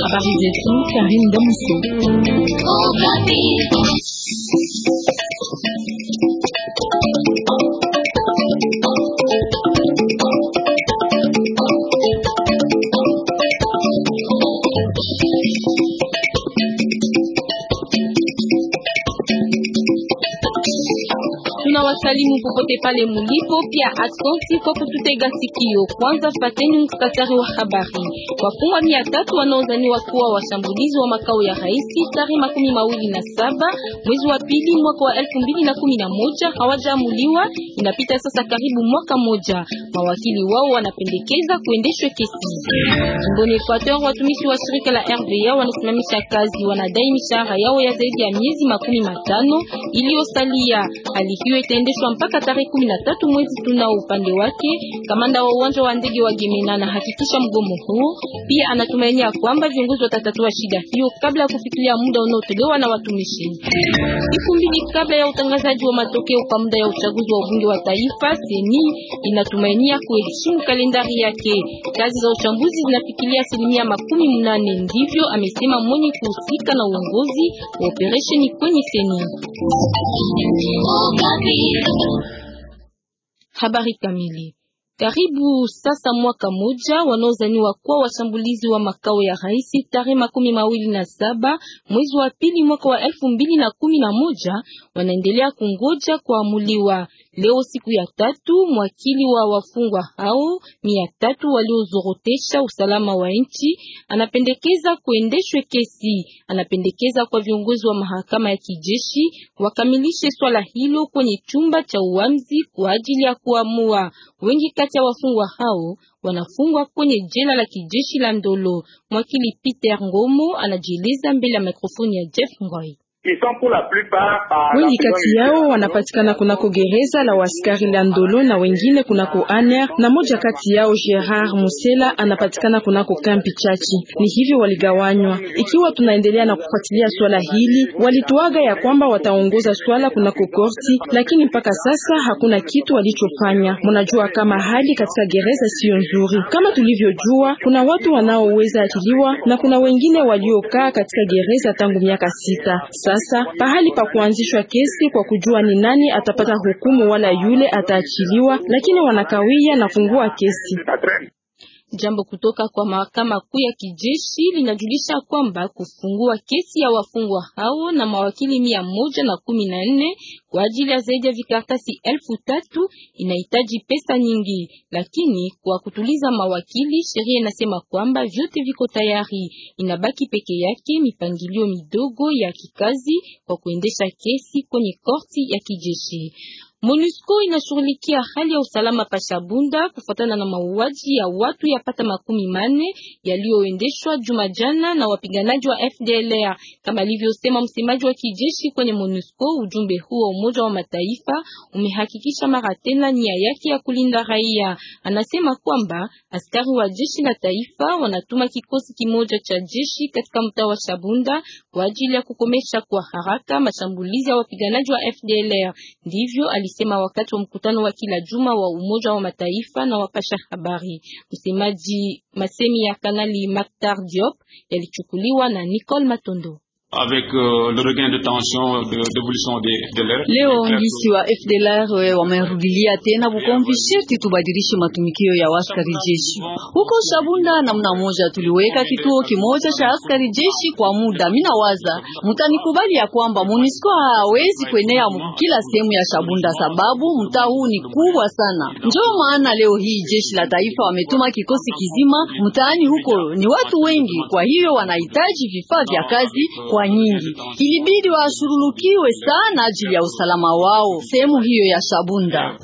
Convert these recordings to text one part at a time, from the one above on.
Habari zetu Karine Damuso. wasalimu popote pale mulipo, pia asanti kwa kututega sikio. Kwanza fateni mkutasari wa habari. Wafungwa mia tatu wanaozaniwa kuwa washambulizi wa makao ya raisi tarehe makumi mawili na saba mwezi wa pili mwaka wa elfu mbili na kumi na moja hawajaamuliwa. Inapita sasa karibu mwaka moja. Mawakili wao wanapendekeza kuendeshwe kesi jimboni Ekwateur. Watumishi wa shirika la rba wanasimamisha kazi, wanadai mishahara yao ya zaidi ya miezi makumi matano iliyosalia. Hali hiyo itaendeshwa mpaka tarehe 13 mwezi tunao. Upande wake kamanda wa uwanja wa ndege wa Gemena anahakikisha mgomo huu pia anatumainia kwamba viongozi watatatua shida hiyo kabla ya kufikia muda unaotolewa na watumishi. Siku mbili kabla ya utangazaji wa matokeo kwa muda ya uchaguzi wa ubunge wa taifa, seni inatumainia kuheshimu kalendari yake. Kazi za uchambuzi zinafikilia asilimia makumi mnane, ndivyo amesema mwenye kuhusika na uongozi wa operesheni kwenye seni. Oh, Habari kamili. Karibu sasa mwaka moja wanaozaniwa kuwa washambulizi wa makao ya rais tarehe makumi mawili na saba mwezi wa pili mwaka wa elfu mbili na kumi na moja wanaendelea kungoja kuamuliwa. Leo siku ya tatu, mwakili wa wafungwa hao mia tatu waliozorotesha usalama wa nchi anapendekeza kuendeshwe kesi. Anapendekeza kwa viongozi wa mahakama ya kijeshi wakamilishe swala hilo kwenye chumba cha uamuzi kwa ajili ya kuamua. Wengi kati ya wafungwa hao wanafungwa kwenye jela la kijeshi la Ndolo. Mwakili Peter Ngomo anajieleza mbele ya mikrofoni ya Jeff Ngoi. Euh, Wengi kati yao wanapatikana kunako gereza la waskari la Ndolo na wengine kunako Aner, na moja kati yao Gerard Musela anapatikana kunako kampi Chachi. Ni hivyo waligawanywa. Ikiwa tunaendelea na kufuatilia swala hili, walituaga ya kwamba wataongoza swala kunako korti, lakini mpaka sasa hakuna kitu walichofanya. Mnajua kama hali katika gereza siyo nzuri. Kama tulivyojua, kuna watu wanaoweza achiliwa na kuna wengine waliokaa katika gereza tangu miaka sita sasa sasa pahali pa kuanzishwa kesi kwa kujua ni nani atapata hukumu wala yule ataachiliwa, lakini wanakawia na fungua kesi. Jambo kutoka kwa mahakama kuu ya kijeshi linajulisha kwamba kufungua kesi ya wafungwa hao na mawakili mia moja na kumi na nne kwa ajili ya zaidi ya vikaratasi elfu tatu inahitaji pesa nyingi, lakini kwa kutuliza mawakili, sheria inasema kwamba vyote viko tayari. Inabaki peke yake mipangilio midogo ya kikazi kwa kuendesha kesi kwenye korti ya kijeshi. MONUSCO inashughulikia hali ya usalama Pashabunda kufuatana na mauaji ya watu yapata makumi manne yaliyoendeshwa juma jana na wapiganaji wa FDLR, kama alivyosema msemaji wa kijeshi kwenye MONUSCO. Ujumbe huo wa Umoja wa Mataifa umehakikisha mara tena nia yake ya kulinda raia. Anasema kwamba askari wa jeshi la taifa wanatuma kikosi kimoja cha jeshi katika mtaa wa Shabunda kwa ajili ya kukomesha kwa haraka mashambulizi ya wapiganaji wa FDLR. Ndivyo alisema wakati wa mkutano wa kila juma wa Umoja wa Mataifa na wapasha habari. Msemaji masemi ya Kanali Maktar Diop yalichukuliwa na Nicole Matondo avec euh, le regain de tension d'évolution de, de, de l'air. Leo ngisi wa FDLR euh, wamerudilia tena Bukomvi sherti tubadilishe matumikio ya askari jeshi huko Shabunda. Namna moja tuliweka kituo kimoja cha askari jeshi kwa muda. Mina waza mtanikubali ya kwamba MONUSCO hawezi kuenea kila sehemu ya Shabunda sababu mtaa huu ni kubwa sana. Ndio maana leo hii jeshi la taifa wametuma kikosi kizima mtaani huko, ni watu wengi, kwa hiyo wanahitaji vifaa vya kazi kwa kuwa nyingi, ilibidi washurulukiwe sana ajili ya usalama wao sehemu hiyo ya Shabunda.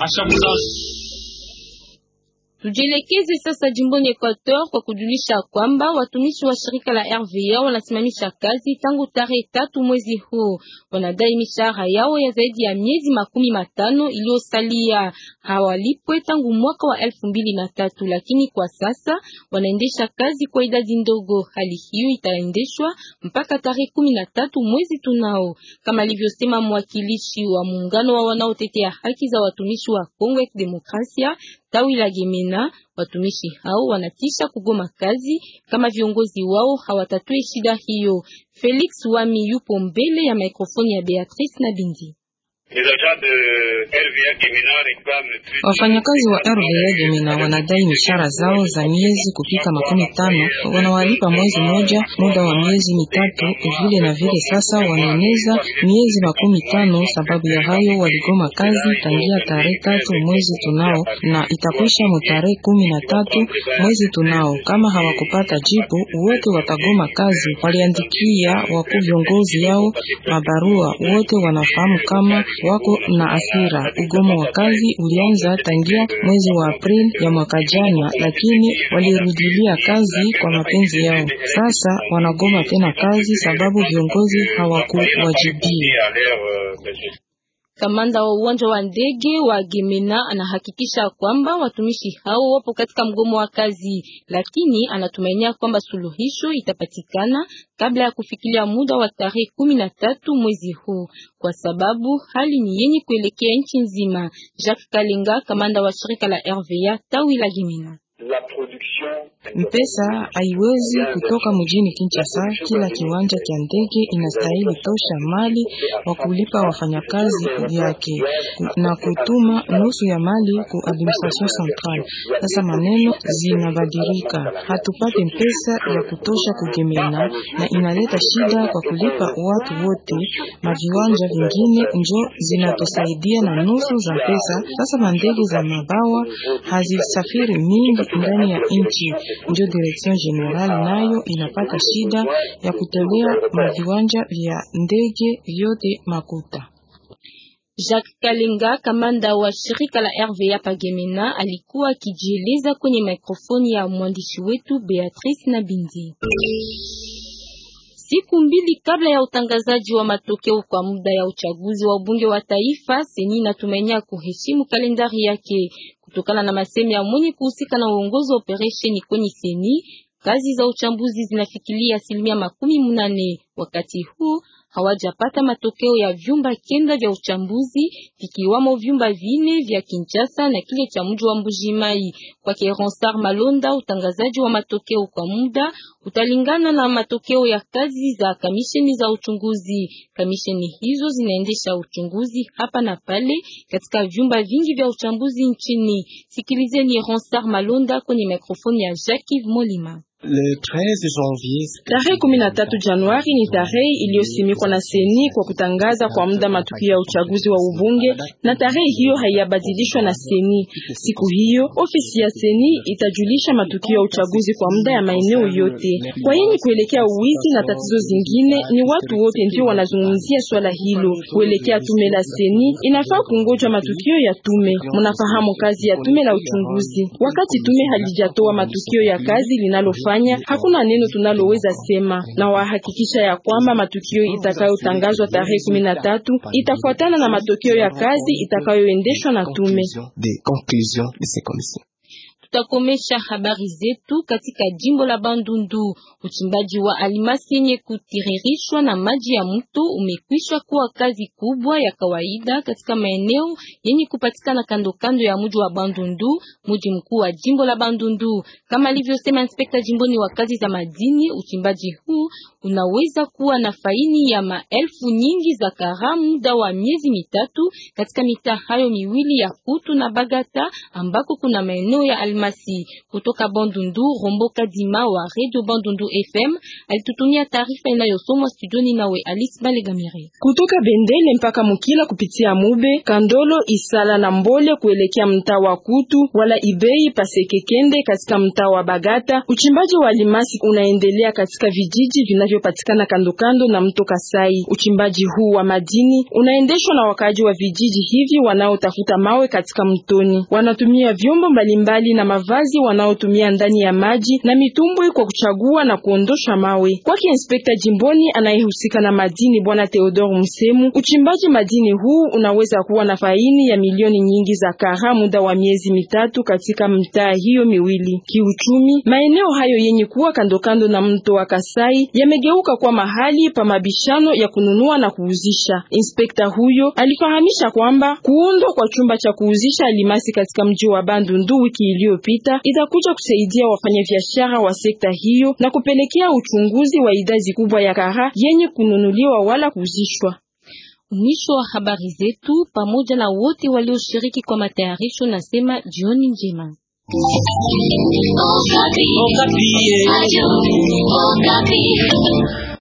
Tujielekeze sasa jimboni Equateur kwa kujulisha kwamba watumishi wa shirika la RVA wanasimamisha kazi tangu tarehe tatu mwezi huu. Wanadai mishahara yao ya zaidi ya miezi makumi matano iliyosalia hawalipwe tangu mwaka wa elfu mbili na tatu, lakini kwa sasa wanaendesha kazi kwa idadi ndogo. Hali hiyo itaendeshwa mpaka tarehe kumi na tatu mwezi tunao, kama alivyosema mwakilishi wa muungano wa wanaotetea haki za watumishi wa Kongo ya Kidemokrasia tawi la Gemena tena. Watumishi hao wanatisha kugoma kazi kama viongozi wao hawatatue shida hiyo. Felix Wami yupo mbele ya mikrofoni ya Beatrice na Bindi. Euh, Wafanyakazi wa RVA Gemina wanadai mishara zao za miezi kufika makumi tano, wanawalipa mwezi moja muda wa miezi mitatu vile na vile. Sasa wanaeneza miezi makumi tano. Sababu ya hayo waligoma kazi tangia tarehe tatu mwezi tunao na itakwisha mutarehe kumi na tatu mwezi tunao. Kama hawakupata jibu, wote watagoma kazi. Waliandikia wakuu viongozi yao mabarua, wote wanafahamu kama wako na asira. Ugomo wa kazi ulianza tangia mwezi wa Aprili ya mwaka jana, lakini walirudilia kazi kwa mapenzi yao. Sasa wanagoma tena kazi sababu viongozi hawakuwajibia. Kamanda wa uwanja wa ndege wa Gemena anahakikisha kwamba watumishi hao wapo katika mgomo wa kazi, lakini anatumainia kwamba suluhisho itapatikana kabla ya kufikilia muda wa tarehe kumi na tatu mwezi huu, kwa sababu hali ni yenye kuelekea nchi nzima. Jacques Kalinga, kamanda wa shirika la RVA tawi la Gemena. Mpesa haiwezi kutoka mjini Kinshasa. Kila kiwanja cha ndege inastahili tosha mali wa kulipa wafanyakazi yake na kutuma nusu ya mali ku administration centrale. Sasa maneno zinabadilika, hatupate mpesa ya kutosha kugemena, na inaleta shida kwa kulipa watu wote. Maviwanja vingine njo zinatusaidia na nusu za mpesa. Sasa mandege za mabawa hazisafiri mingi ndani ya nchi. Ndio direction general nayo inapata shida ya kutolea maviwanja vya ndege vyote makuta. Jacques Kalinga, kamanda wa shirika la RVA Pagemena, alikuwa akijieleza kwenye mikrofoni ya mwandishi wetu Beatrice Nabindi. Siku mbili kabla ya utangazaji wa matokeo kwa muda ya uchaguzi wa ubunge wa taifa, Seni inatumainia kuheshimu kalendari yake. Kutokana na masemi ya mwenye kuhusika na uongozi wa operesheni kwenye Seni, kazi za uchambuzi zinafikilia asilimia makumi munane. Wakati huu hawajapata matokeo ya vyumba kenda vya uchambuzi vikiwamo vyumba vine vya Kinshasa na kile cha mji wa Mbujimai. Kwake Ronsard Malonda, utangazaji wa matokeo kwa muda utalingana na matokeo ya kazi za kamisheni za uchunguzi. Kamisheni hizo zinaendesha uchunguzi hapa na pale katika vyumba vingi vya uchambuzi nchini. Sikilizeni Ronsar Malonda kwenye mikrofoni ya Jacques Molima. Tarehe kumi na tatu Januari ni tarehe iliyosimikwa na seni kwa kutangaza kwa muda matukio ya uchaguzi wa ubunge, na tarehe hiyo haiyabadilishwa na seni. Siku hiyo ofisi ya seni itajulisha matukio ya uchaguzi kwa muda ya maeneo yote. Kwa hiyo kuelekea uwizi na tatizo zingine, ni watu wote ndio wanazungumzia swala hilo. Kuelekea tume la seni, inafaa kungoja matukio ya tume. Mnafahamu kazi ya tume la uchunguzi, wakati tume halijatoa matukio ya kazi linalofa kufanya, hakuna neno tunaloweza sema, na wahakikisha ya kwamba matukio itakayotangazwa tarehe kumi na tatu itafuatana na matokeo ya kazi itakayoendeshwa na tume tutakomesha habari zetu katika jimbo la Bandundu. Uchimbaji wa almasi yenye kutiririshwa na maji ya mto umekwisha kuwa kazi kubwa ya kawaida katika maeneo yenye kupatikana kando kando ya mji wa Bandundu, mji mkuu wa jimbo la Bandundu. Kama alivyosema inspekta jimboni wa kazi za madini, uchimbaji huu unaweza kuwa na faini ya maelfu nyingi za kara muda wa miezi mitatu katika mitaa hayo miwili ya Kutu na Bagata ambako kuna maeneo ya alimasi Almasi kutoka Bandundu. Rombo Kadima wa Radio Bandundu FM alitutumia taarifa inayosomwa studioni nawe Alice Balegamire. Kutoka Bendele mpaka Mukila kupitia Mube, Kandolo, Isala na Mbole kuelekea mtaa wa Kutu wala Ibei Pasekekende katika mtaa wa Bagata. Uchimbaji wa limasi unaendelea katika vijiji vinavyopatikana kandokando na mto Kasai. Uchimbaji huu wa madini unaendeshwa na wakaaji wa vijiji hivi wanaotafuta mawe katika mtoni. Wanatumia vyombo mbalimbali na mavazi wanaotumia ndani ya maji na mitumbwi kwa kuchagua na kuondosha mawe. Kwake inspekta jimboni anayehusika na madini bwana Theodore Msemu, uchimbaji madini huu unaweza kuwa na faini ya milioni nyingi za kara muda wa miezi mitatu katika mtaa hiyo miwili. Kiuchumi, maeneo hayo yenye kuwa kandokando na mto wa Kasai yamegeuka kwa mahali pa mabishano ya kununua na kuuzisha. Inspekta huyo alifahamisha kwamba kuundwa kwa chumba cha kuuzisha alimasi katika mji wa Bandundu wiki iliyo iliyopita itakuja kusaidia wafanyabiashara wa sekta hiyo na kupelekea uchunguzi wa idadi kubwa ya kara yenye kununuliwa wala kuuzishwa. Mwisho wa habari zetu pamoja na wote walioshiriki kwa matayarisho, nasema jioni njema.